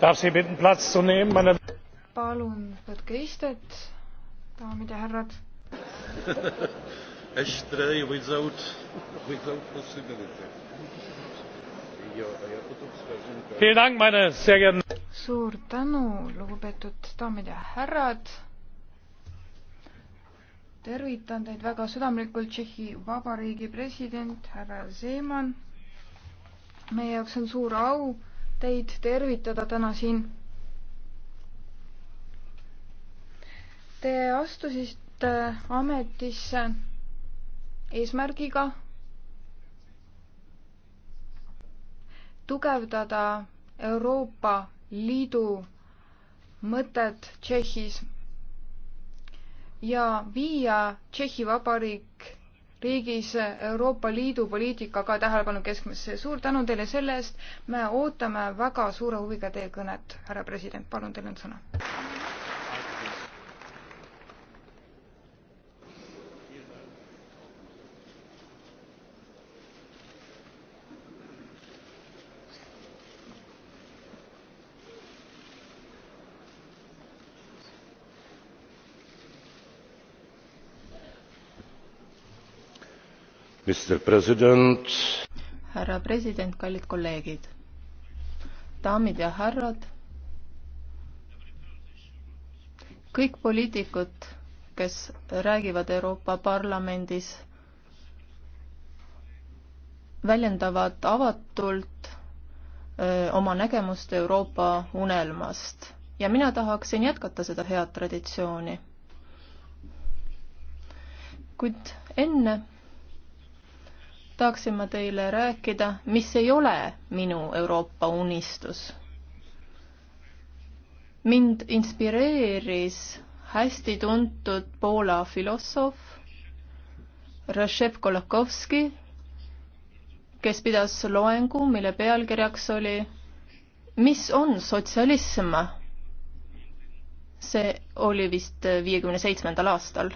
darf Sie bitten, Platz zu nehmen, meine palun võtke istet, daamid ja härrad. Yesterday äh, without, without possibility. Vielen Dank, meine sehr geehrten. Suur tänu, lugupeetud daamid ja härrad. tervitan teid väga südamlikult, Tšehhi Vabariigi president härra Zeman. meie jaoks on suur au teid tervitada täna siin. Te astusite ametisse eesmärgiga tugevdada Euroopa Liidu mõtet Tšehhis ja viia Tšehhi Vabariik riigis Euroopa Liidu poliitika ka tähelepanu keskmesse. suur tänu teile selle eest, me ootame väga suure huviga teie kõnet, härra president, palun, teil on sõna härra president, kallid kolleegid, daamid ja härrad, kõik poliitikud, kes räägivad Euroopa Parlamendis, väljendavad avatult öö, oma nägemust Euroopa unelmast ja mina tahaksin jätkata seda head traditsiooni. kuid enne tahaksin ma teile rääkida, mis ei ole minu Euroopa unistus. mind inspireeris hästi tuntud Poola filosoof Rzeszep Kolakowski, kes pidas loengu, mille pealkirjaks oli mis on sotsialism? see oli vist viiekümne seitsmendal aastal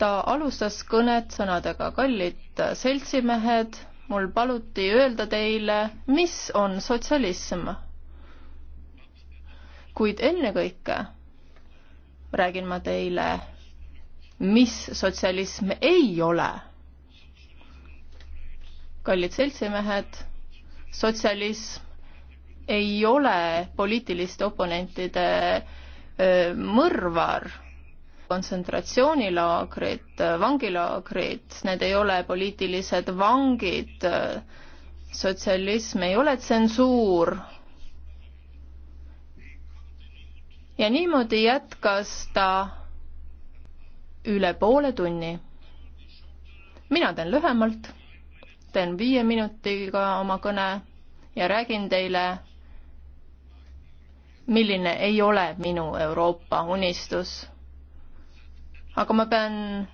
ta alustas kõnet sõnadega kallid seltsimehed, mul paluti öelda teile, mis on sotsialism. kuid ennekõike räägin ma teile, mis sotsialism ei ole. kallid seltsimehed, sotsialism ei ole poliitiliste oponentide mõrvar kontsentratsioonilaagrid, vangilaagrid, need ei ole poliitilised vangid, sotsialism ei ole tsensuur. ja niimoodi jätkas ta üle poole tunni. mina teen lühemalt, teen viie minutiga oma kõne ja räägin teile, milline ei ole minu Euroopa unistus aga ma pean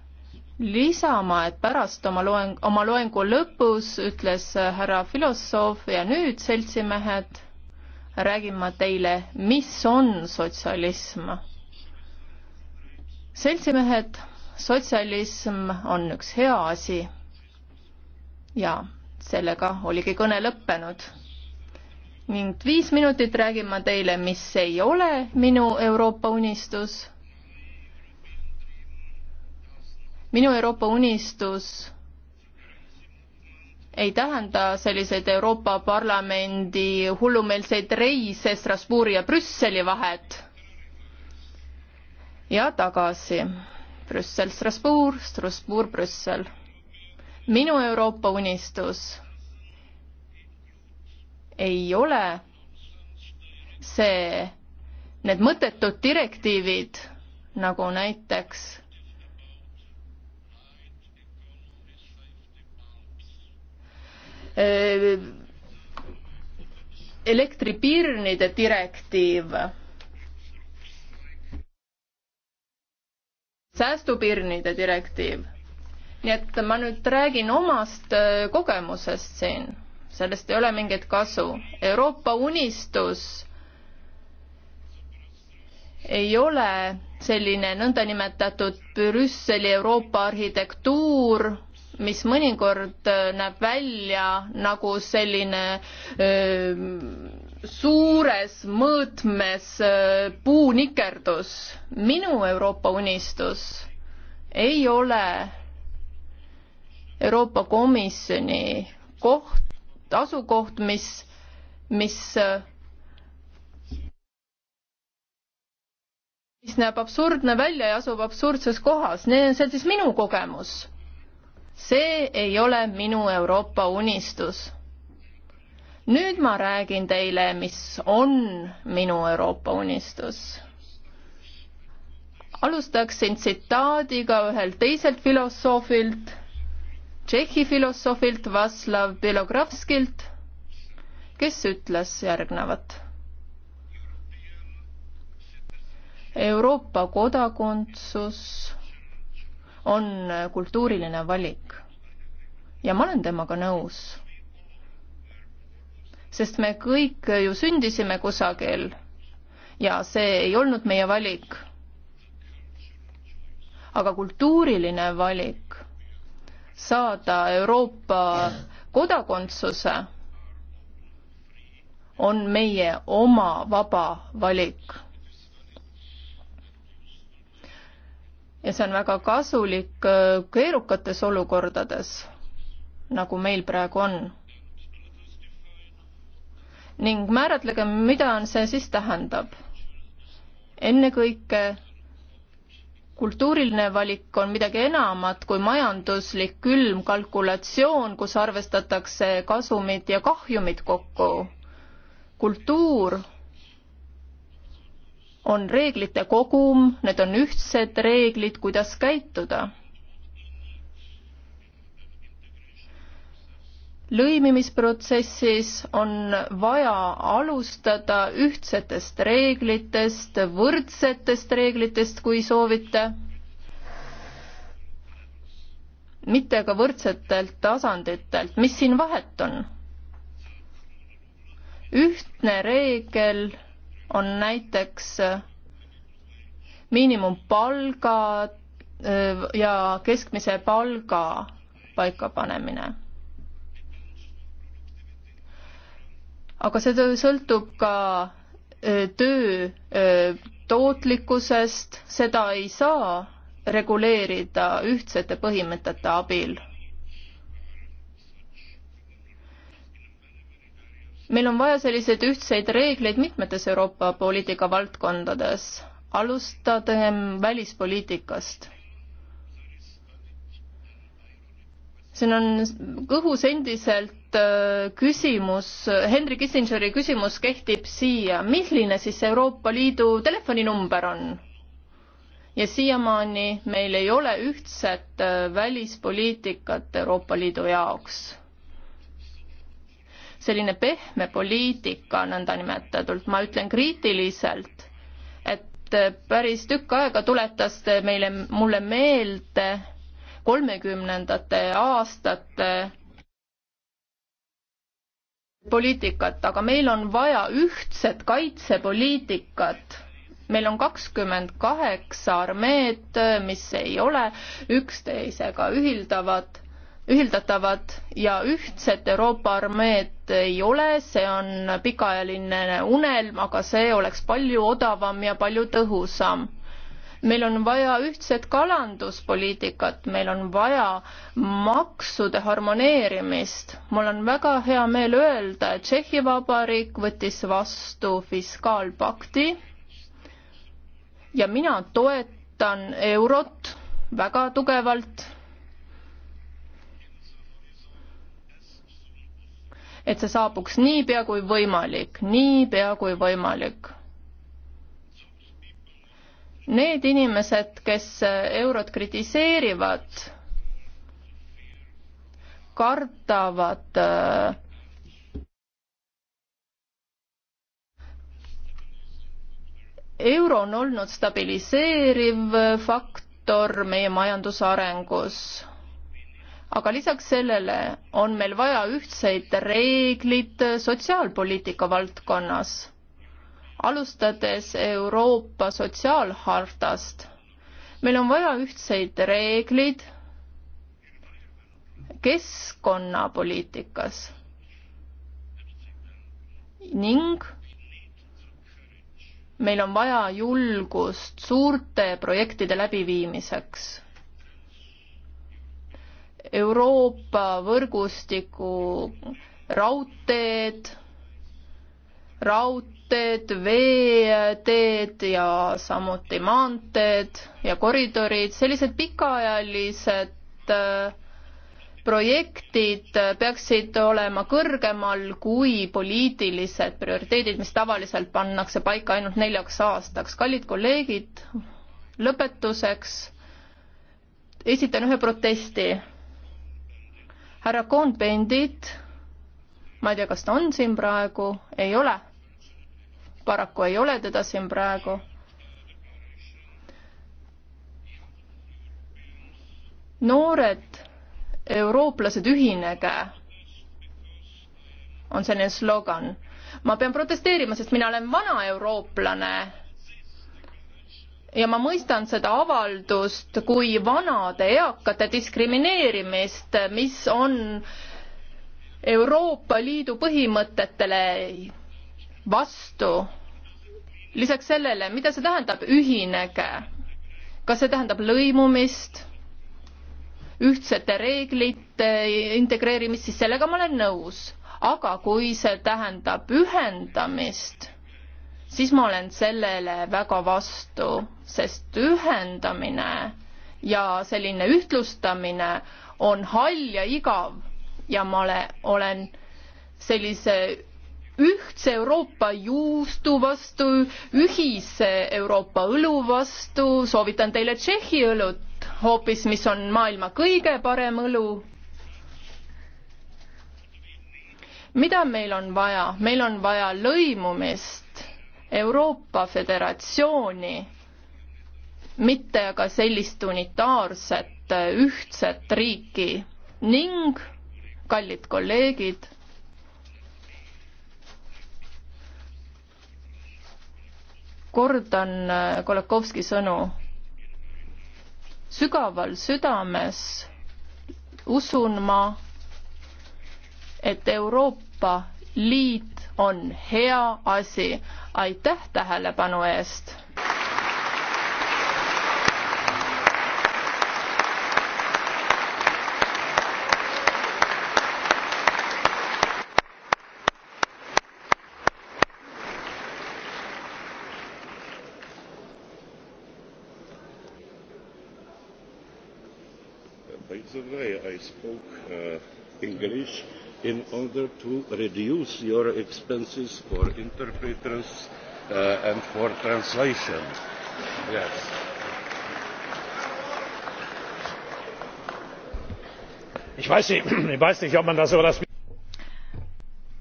lisama, et pärast oma loeng, oma loengu lõpus ütles härra filosoof ja nüüd, seltsimehed, räägin ma teile, mis on sotsialism. seltsimehed, sotsialism on üks hea asi. ja sellega oligi kõne lõppenud ning viis minutit räägin ma teile, mis ei ole minu Euroopa unistus minu Euroopa unistus ei tähenda selliseid Euroopa Parlamendi hullumeelseid reise Strasbourgi ja Brüsseli vahet ja tagasi. Brüssel, Strasbourg, Strasbourg, Brüssel. minu Euroopa unistus ei ole see, need mõttetud direktiivid, nagu näiteks Äh, elektripirnide direktiiv, säästupirnide direktiiv. nii et ma nüüd räägin omast äh, kogemusest siin, sellest ei ole mingit kasu. Euroopa unistus ei ole selline nõndanimetatud Brüsseli Euroopa arhitektuur, mis mõnikord äh, näeb välja nagu selline öö, äh, suures mõõtmes öö, äh, puunikerdus. minu Euroopa unistus ei ole Euroopa Komisjoni koht, asukoht, mis, mis mis näeb absurdne välja ja asub absurdses kohas, see on siis minu kogemus see ei ole minu Euroopa unistus. nüüd ma räägin teile, mis on minu Euroopa unistus. alustaksin tsitaadiga ühelt teiselt filosoofilt, Tšehhi filosoofilt Vaslav Belogravskilt, kes ütles järgnevat. Euroopa kodakondsus on kultuuriline valik. ja ma olen temaga nõus. sest me kõik ju sündisime kusagil ja see ei olnud meie valik. aga kultuuriline valik saada Euroopa kodakondsuse on meie oma vaba valik ja see on väga kasulik äh, keerukates olukordades, nagu meil praegu on. ning määratlege, mida on see siis tähendab. ennekõike kultuuriline valik on midagi enamat kui majanduslik külm kalkulatsioon, kus arvestatakse kasumid ja kahjumid kokku. kultuur on reeglite kogum, need on ühtsed reeglid, kuidas käituda. lõimimisprotsessis on vaja alustada ühtsetest reeglitest, võrdsetest reeglitest, kui soovite, mitte ka võrdsetelt tasanditelt, mis siin vahet on? ühtne reegel on näiteks äh, miinimumpalga äh, ja keskmise palga paikapanemine. aga see sõltub ka äh, töö tootlikkusest, seda ei saa reguleerida ühtsete põhimõtete abil meil on vaja selliseid ühtseid reegleid mitmetes Euroopa poliitika valdkondades, alustagem välispoliitikast. siin on kõhus endiselt äh, küsimus, Henry Kissingeri küsimus kehtib siia, milline siis Euroopa Liidu telefoninumber on? ja siiamaani meil ei ole ühtset äh, välispoliitikat Euroopa Liidu jaoks selline pehme poliitika nõndanimetatud, ma ütlen kriitiliselt, et päris tükk aega tuletas te meile, mulle meelde kolmekümnendate aastate poliitikat, aga meil on vaja ühtset kaitsepoliitikat. meil on kakskümmend kaheksa armeed, mis ei ole üksteisega ühildavad ühildatavat ja ühtset Euroopa armeed ei ole, see on pikaajaline unelm, aga see oleks palju odavam ja palju tõhusam. meil on vaja ühtset kalanduspoliitikat, meil on vaja maksude harmoneerimist. mul on väga hea meel öelda, et Tšehhi Vabariik võttis vastu fiskaalpakti ja mina toetan Eurot väga tugevalt et see saabuks niipea kui võimalik, niipea kui võimalik. Need inimesed, kes eurot kritiseerivad, kardavad äh, euro on olnud stabiliseeriv faktor meie majanduse arengus aga lisaks sellele on meil vaja ühtseid reeglid sotsiaalpoliitika valdkonnas, alustades Euroopa sotsiaalhartast. meil on vaja ühtseid reeglid keskkonnapoliitikas ning meil on vaja julgust suurte projektide läbiviimiseks Euroopa võrgustiku raudteed, raudteed, veeteed ja samuti maanteed ja koridorid, sellised pikaajalised äh, projektid peaksid olema kõrgemal kui poliitilised prioriteedid, mis tavaliselt pannakse paika ainult neljaks aastaks. kallid kolleegid, lõpetuseks esitan ühe protesti härra Cohn-Bendit, ma ei tea, kas ta on siin praegu, ei ole. paraku ei ole teda siin praegu noored eurooplased, ühinege, on selline slogan. ma pean protesteerima, sest mina olen vana eurooplane ja ma mõistan seda avaldust kui vanade eakate diskrimineerimist, mis on Euroopa Liidu põhimõtetele vastu. lisaks sellele, mida see tähendab, ühinege. kas see tähendab lõimumist, ühtsete reeglite integreerimist, siis sellega ma olen nõus. aga kui see tähendab ühendamist siis ma olen sellele väga vastu, sest ühendamine ja selline ühtlustamine on hall ja igav ja ma ole, olen sellise ühtse Euroopa juustu vastu, ühise Euroopa õlu vastu, soovitan teile Tšehhi õlut hoopis, mis on maailma kõige parem õlu. mida meil on vaja, meil on vaja lõimumist, Euroopa Föderatsiooni, mitte aga sellist unitaarset ühtset riiki ning, kallid kolleegid, kordan äh, Kolakovski sõnu, sügaval südames usun ma, et Euroopa liit on hea asi. aitäh tähelepanu eest! By the way, I spoke uh, English in order to reduce your expenses for interpreters uh, and for translation. Yes. Ich weiß, nicht, ich weiß nicht, ob man das über das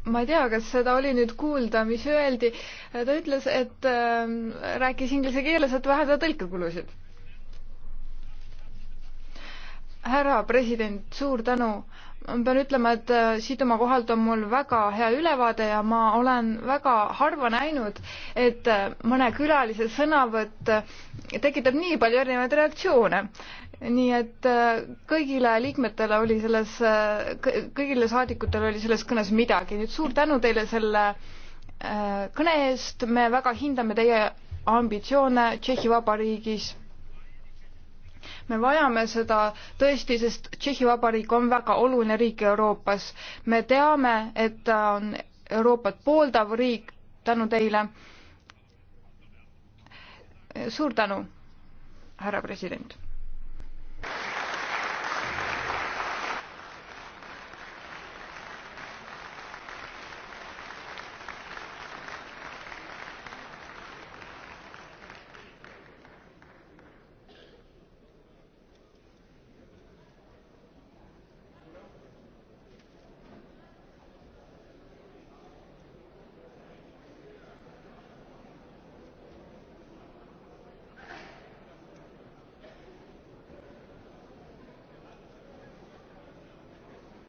ma ei tea, kas seda oli nüüd kuulda, mis öeldi. ta ütles, et äh, rääkis inglise keeles, et vähendada tõlkekulusid härra president, suur tänu. ma pean ütlema, et äh, siit oma kohalt on mul väga hea ülevaade ja ma olen väga harva näinud, et äh, mõne külalise sõnavõtt äh, tekitab nii palju erinevaid reaktsioone. nii et kõigile liikmetele oli selles, kõigile saadikutele oli selles kõnes midagi. nüüd suur tänu teile selle kõne eest, me väga hindame teie ambitsioone Tšehhi Vabariigis me vajame seda tõesti, sest Tšehhi Vabariik on väga oluline riik Euroopas. me teame, et ta on Euroopat pooldav riik, tänu teile. suur tänu, härra president